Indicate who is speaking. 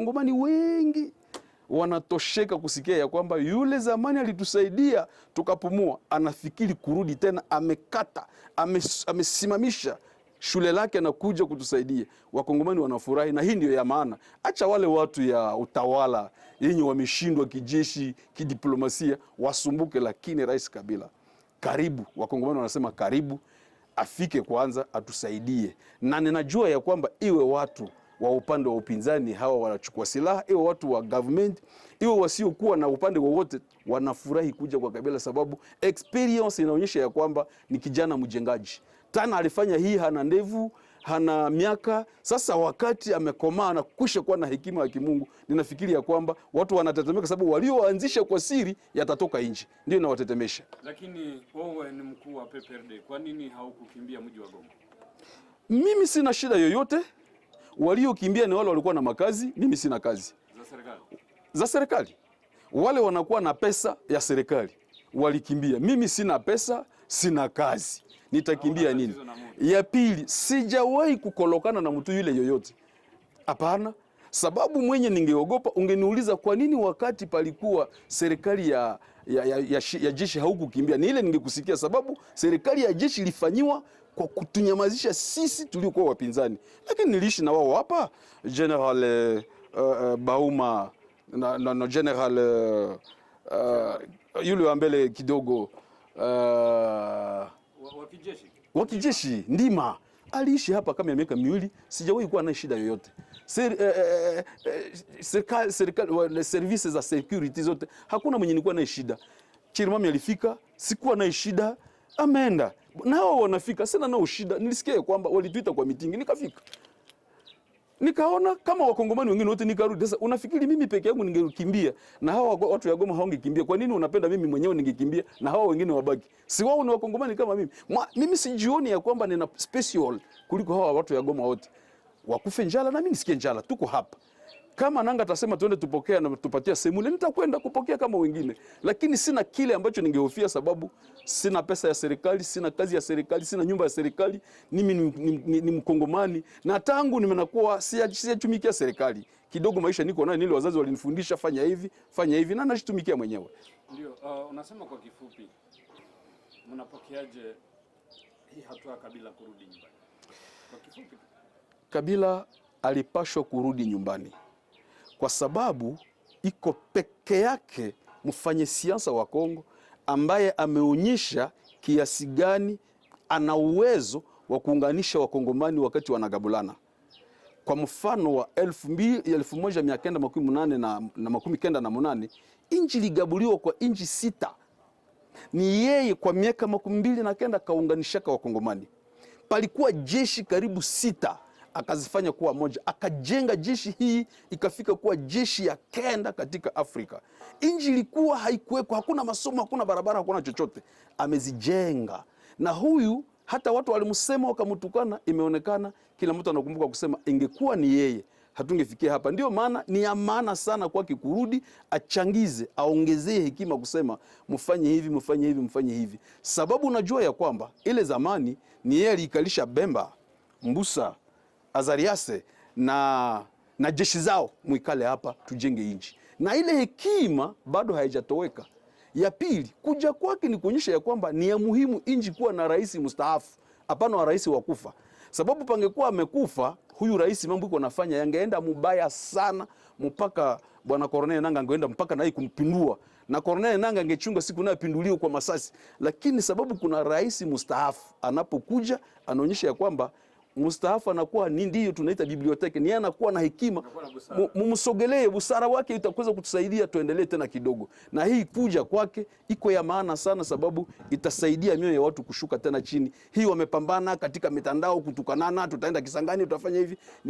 Speaker 1: Wakongomani wengi wanatosheka kusikia ya kwamba yule zamani alitusaidia tukapumua, anafikiri kurudi tena, amekata amesimamisha shule lake na kuja kutusaidia. Wakongomani wanafurahi, na hii ndio ya maana. Acha wale watu ya utawala yenye wameshindwa kijeshi, kidiplomasia wasumbuke, lakini Rais Kabila karibu. Wakongomani wanasema karibu, afike kwanza atusaidie, na ninajua ya kwamba iwe watu wa upande wa upinzani hawa wanachukua silaha, iwe watu wa government, iwe wasiokuwa na upande wowote, wanafurahi kuja kwa Kabila sababu experience inaonyesha ya kwamba ni kijana mjengaji. tana alifanya hii, hana ndevu hana miaka sasa, wakati amekomaa na kukwisha kuwa na hekima ya kimungu, ninafikiri ya kwamba watu wanatetemeka, sababu walioanzisha kwa siri yatatoka nje, ndio inawatetemesha.
Speaker 2: Lakini wewe ni mkuu wa PPRD, kwa nini haukukimbia mji wa Goma?
Speaker 1: Mimi sina shida yoyote waliokimbia ni wale walikuwa na makazi, mimi sina kazi za serikali, za serikali. Wale wanakuwa na pesa ya serikali walikimbia, mimi sina pesa, sina kazi, nitakimbia nini? Ya pili, sijawahi kukolokana na mtu yule yoyote, hapana. Sababu mwenye ningeogopa, ungeniuliza kwa nini wakati palikuwa serikali ya ya, ya, ya, ya jeshi haukukimbia, ni ile ningekusikia, sababu serikali ya jeshi ilifanyiwa kwa kutunyamazisha sisi tuliokuwa wapinzani, lakini niliishi na wao hapa General uh, uh, Bauma na, na, na General uh, uh, yule wa mbele kidogo uh, wa kijeshi Ndima aliishi hapa kama miaka miwili, sijawahi kuwa na shida yoyote. Ser, eh, eh, eh, eh serikali, serikali, services za security zote hakuna mwenye nilikuwa na shida. Chirimami alifika, sikuwa na shida, ameenda nao wanafika, sina nao shida. Nilisikia kwamba walituita kwa mitingi, nikafika. Nikaona kama wakongomani wengine wote nikarudi. Sasa unafikiri mimi peke yangu ningekimbia na hawa watu ya Goma hawangekimbia? Kwa nini unapenda mimi mwenyewe ningekimbia na hawa wengine wabaki? Si wao ni wakongomani kama mimi. Ma, mimi sijioni ya kwamba nina special kuliko hawa watu ya Goma wote. Wakufe njala na mimi nisikie njala. Tuko hapa. Kama nanga atasema tuende tupokea na tupatia sehemu ile, nitakwenda kupokea kama wengine, lakini sina kile ambacho ningehofia, sababu sina pesa ya serikali, sina kazi ya serikali, sina nyumba ya serikali. Mimi ni, ni, ni, ni Mkongomani na tangu nimenakuwa siyatumikia serikali kidogo. Maisha niko nayo, nili wazazi walinifundisha fanya hivi fanya hivi, na nashitumikia mwenyewe.
Speaker 2: Ndio uh, unasema kwa kifupi, mnapokeaje hii hatua Kabila kurudi nyumbani? Kwa
Speaker 1: kifupi, Kabila alipashwa kurudi nyumbani kwa sababu iko peke yake mfanye siasa wa Kongo ambaye ameonyesha kiasi gani ana uwezo wa kuunganisha wakongomani wakati wanagabulana. Kwa mfano wa 1998 na, na makumi kenda na munane inji ligabuliwa kwa inji sita. Ni yeye kwa miaka makumi mbili na kenda kaunganishaka wakongomani. Palikuwa jeshi karibu sita akazifanya kuwa moja, akajenga jeshi hii ikafika kuwa jeshi ya kenda katika Afrika. Nchi ilikuwa haikuwekwa, hakuna masomo, hakuna barabara, hakuna chochote, amezijenga. Na huyu hata watu walimsema wakamtukana, imeonekana kila mtu anakumbuka kusema ingekuwa ni yeye hatungefikia hapa. ndio maana ni ya maana sana kwake kurudi, achangize, aongezee hekima kusema mfanye hivi, mfanye hivi, mfanye hivi, sababu unajua ya kwamba ile zamani ni yeye aliikalisha Bemba, Mbusa Azariase na, na jeshi zao, mwikale hapa tujenge nchi. Na ile hekima bado haijatoweka. Ya pili, kuja kwake ni kuonyesha ya kwamba ni ya muhimu nchi kuwa na rais mstaafu, hapana wa rais wa kufa, sababu pangekuwa amekufa huyu rais, mambo iko nafanya yangeenda mubaya sana, mpaka bwana Corneille Nanga angeenda mpaka naye kumpindua, na Corneille Nanga angechunga siku nayo pinduliwe kwa masasi. Lakini sababu kuna rais mstaafu, anapokuja anaonyesha ya kwamba mustaafu anakuwa ni ndiyo tunaita biblioteke ni anakuwa na hekima, mumsogelee busara wake itakuweza kutusaidia tuendelee tena kidogo. Na hii kuja kwake iko ya maana sana, sababu itasaidia mioyo ya watu kushuka tena chini. Hii wamepambana katika mitandao kutukanana, tutaenda Kisangani, tutafanya hivi.